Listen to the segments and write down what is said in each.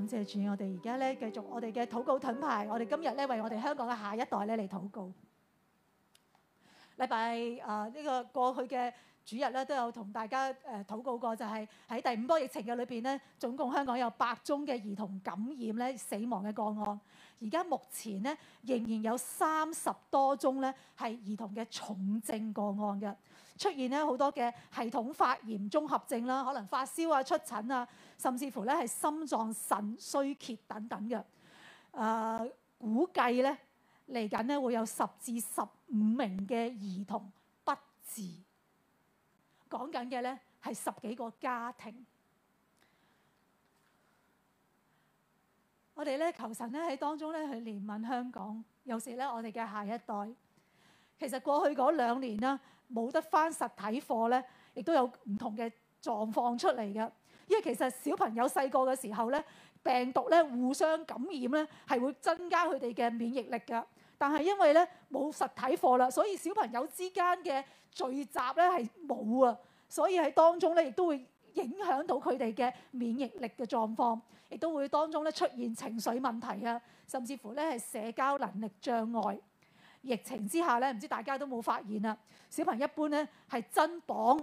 感謝主，我哋而家咧繼續我哋嘅禱告盾牌。我哋今日咧為我哋香港嘅下一代咧嚟禱告。禮拜誒呢個過去嘅主日咧都有同大家誒禱、呃、告過、就是，就係喺第五波疫情嘅裏邊咧，總共香港有八宗嘅兒童感染咧死亡嘅個案。而家目前咧仍然有三十多宗咧係兒童嘅重症個案嘅。出現咧好多嘅系統發炎綜合症啦，可能發燒啊、出疹啊，甚至乎咧係心臟腎衰竭等等嘅。誒、呃、估計咧嚟緊咧會有十至十五名嘅兒童不治，講緊嘅咧係十幾個家庭。我哋咧求神咧喺當中咧去憐憫香港，尤其咧我哋嘅下一代。其實過去嗰兩年咧。冇得翻實體課咧，亦都有唔同嘅狀況出嚟嘅。因為其實小朋友細個嘅時候咧，病毒咧互相感染咧，係會增加佢哋嘅免疫力㗎。但係因為咧冇實體課啦，所以小朋友之間嘅聚集咧係冇啊，所以喺當中咧亦都會影響到佢哋嘅免疫力嘅狀況，亦都會當中咧出現情緒問題啊，甚至乎咧係社交能力障礙。疫情之下咧，唔知大家都冇發現啦。小朋友一般咧係增磅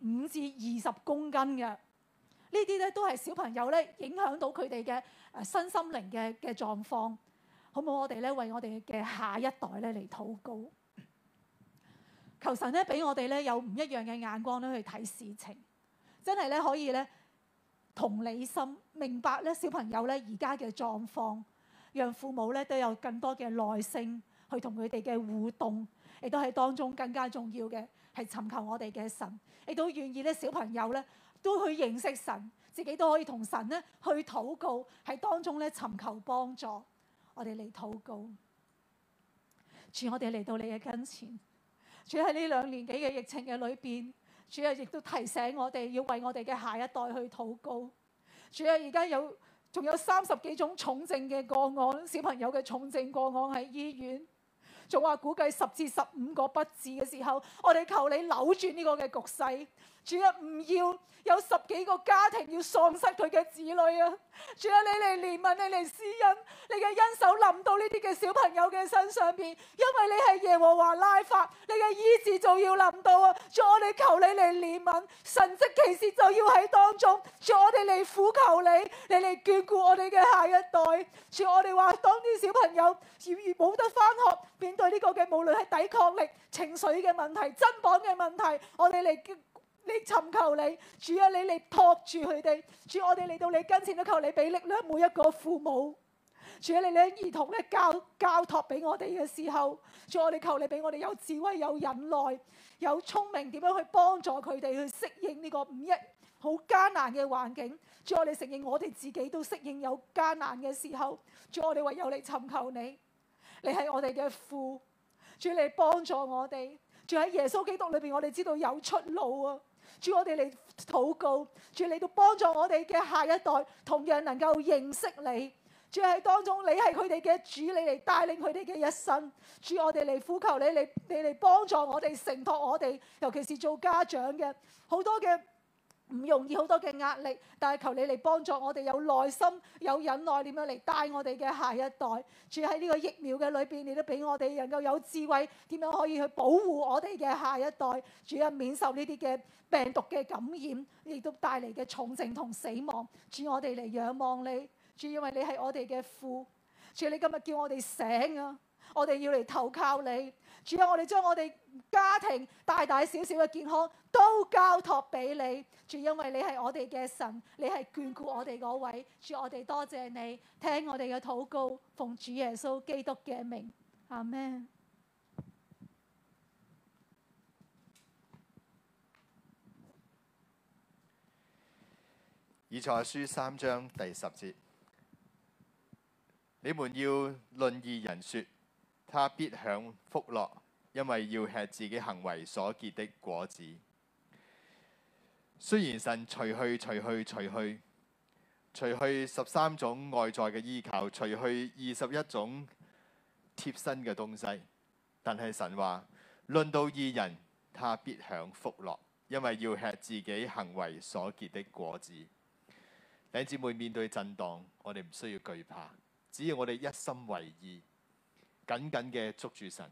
五至二十公斤嘅，呢啲咧都係小朋友咧影響到佢哋嘅誒身心靈嘅嘅狀況，好唔好？我哋咧為我哋嘅下一代咧嚟禱告，求神咧俾我哋咧有唔一樣嘅眼光咧去睇事情，真係咧可以咧同理心明白咧小朋友咧而家嘅狀況，讓父母咧都有更多嘅耐性。去同佢哋嘅互動，亦都係當中更加重要嘅，係尋求我哋嘅神，亦都願意咧小朋友咧都去認識神，自己都可以同神咧去禱告，喺當中咧尋求幫助。我哋嚟禱告，主，我哋嚟到你嘅跟前，主喺呢兩年幾嘅疫情嘅裏邊，主啊，亦都提醒我哋要為我哋嘅下一代去禱告。主啊，而家有仲有三十幾種重症嘅個案，小朋友嘅重症個案喺醫院。仲話估計十至十五個不治嘅時候，我哋求你扭轉呢個嘅局勢。主啊，唔要有十幾個家庭要喪失佢嘅子女啊！主啊，你嚟憐憫，你嚟施恩，你嘅恩手臨到呢啲嘅小朋友嘅身上邊，因為你係耶和華拉法，你嘅醫治就要臨到啊！主，我哋求你嚟憐憫，神跡奇事就要喺當中。主，我哋嚟苦求你，你嚟眷顧我哋嘅下一代。主，我哋話當啲小朋友而冇得返學，面對呢個嘅無論係抵抗力、情緒嘅問題、增磅嘅問題，我哋嚟。你尋求你，主啊，你嚟托住佢哋，主，我哋嚟到你跟前都求你俾力量，每一個父母，主啊，你你啲兒童咧交交託俾我哋嘅時候，主，我哋求你俾我哋有智慧、有忍耐、有聰明，點樣去幫助佢哋去適應呢個五一好艱難嘅環境。主，我哋承認我哋自己都適應有艱難嘅時候，主，我哋唯有嚟尋求你，你係我哋嘅父，主，你幫助我哋，主喺耶穌基督裏邊，我哋知道有出路啊！主我哋嚟禱告，主你都幫助我哋嘅下一代，同樣能夠認識你。主喺當中，你係佢哋嘅主，你嚟帶領佢哋嘅一生。主我哋嚟呼求你嚟，你嚟幫助我哋，承托我哋，尤其是做家長嘅好多嘅。唔容易好多嘅壓力，但係求你嚟幫助我哋有耐心、有忍耐，點樣嚟帶我哋嘅下一代？主喺呢個疫苗嘅裏邊，你都俾我哋能夠有智慧，點樣可以去保護我哋嘅下一代？主啊，免受呢啲嘅病毒嘅感染，亦都帶嚟嘅重症同死亡。主，我哋嚟仰望你。主，因為你係我哋嘅父。主，你今日叫我哋醒啊！我哋要嚟投靠你。主啊，我哋將我哋家庭大大小小嘅健康都交託俾你。主，因為你係我哋嘅神，你係眷顧我哋嗰位。主，我哋多謝你，聽我哋嘅禱告，奉主耶穌基督嘅名，阿門 Amen。以賽書三章第十節，你們要論義人說。他必享福樂，因為要吃自己行為所結的果子。雖然神除去、除去、除去、除去十三種外在嘅依靠，除去二十一種貼身嘅東西，但係神話論到義人，他必享福樂，因為要吃自己行為所結的果子。兩姊妹面對震盪，我哋唔需要懼怕，只要我哋一心為義。緊緊嘅捉住神，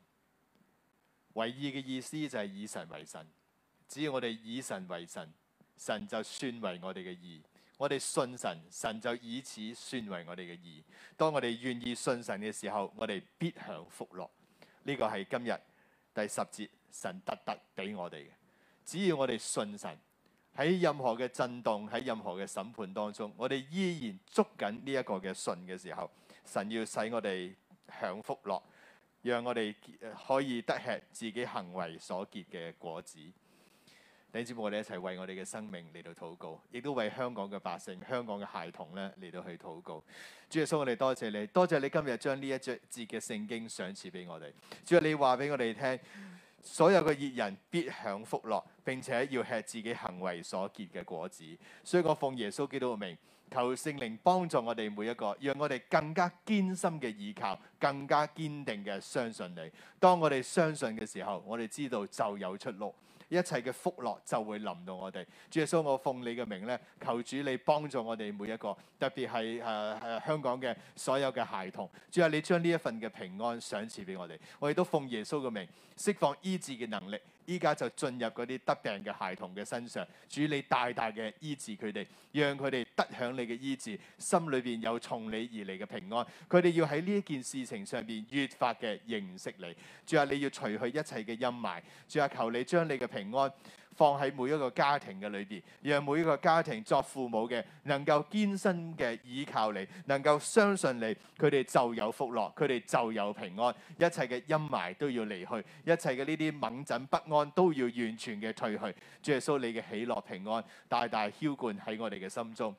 唯義嘅意思就係以神為神。只要我哋以神為神，神就算為我哋嘅義。我哋信神，神就以此算為我哋嘅義。當我哋願意信神嘅時候，我哋必享福樂。呢、這個係今日第十節神特特俾我哋嘅。只要我哋信神，喺任何嘅震動，喺任何嘅審判當中，我哋依然捉緊呢一個嘅信嘅時候，神要使我哋。享福樂，讓我哋可以得吃自己行為所結嘅果子。弟兄姊妹，我哋一齊為我哋嘅生命嚟到禱告，亦都為香港嘅百姓、香港嘅孩童咧嚟到去禱告。主耶穌，我哋多謝你，多謝你今日將呢一節嘅聖經賞賜俾我哋。主啊，你話俾我哋聽，所有嘅義人必享福樂，並且要吃自己行為所結嘅果子。所以我奉耶穌基督嘅名。求聖靈幫助我哋每一個，讓我哋更加堅心嘅依靠，更加堅定嘅相信你。當我哋相信嘅時候，我哋知道就有出路，一切嘅福樂就會臨到我哋。主耶穌，我奉你嘅名咧，求主你幫助我哋每一個，特別係誒誒香港嘅所有嘅孩童。主啊，你將呢一份嘅平安賞賜俾我哋，我亦都奉耶穌嘅名釋放醫治嘅能力。依家就進入嗰啲得病嘅孩童嘅身上，主你大大嘅醫治佢哋，讓佢哋得享你嘅醫治，心裏邊有從你而嚟嘅平安。佢哋要喺呢一件事情上邊越發嘅認識你。主啊，你要除去一切嘅陰霾。主啊，求你將你嘅平安。放喺每一個家庭嘅裏邊，讓每一個家庭作父母嘅能夠堅身嘅依靠你，能夠相信你，佢哋就有福樂，佢哋就有平安，一切嘅陰霾都要離去，一切嘅呢啲猛震不安都要完全嘅退去。主耶穌，你嘅喜樂平安大大澆灌喺我哋嘅心中，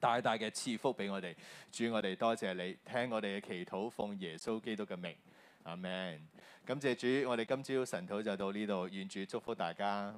大大嘅賜福俾我哋。主，我哋多謝你，聽我哋嘅祈禱，奉耶穌基督嘅名。阿們，感謝主，我哋今朝晨早就到呢度，願主祝福大家。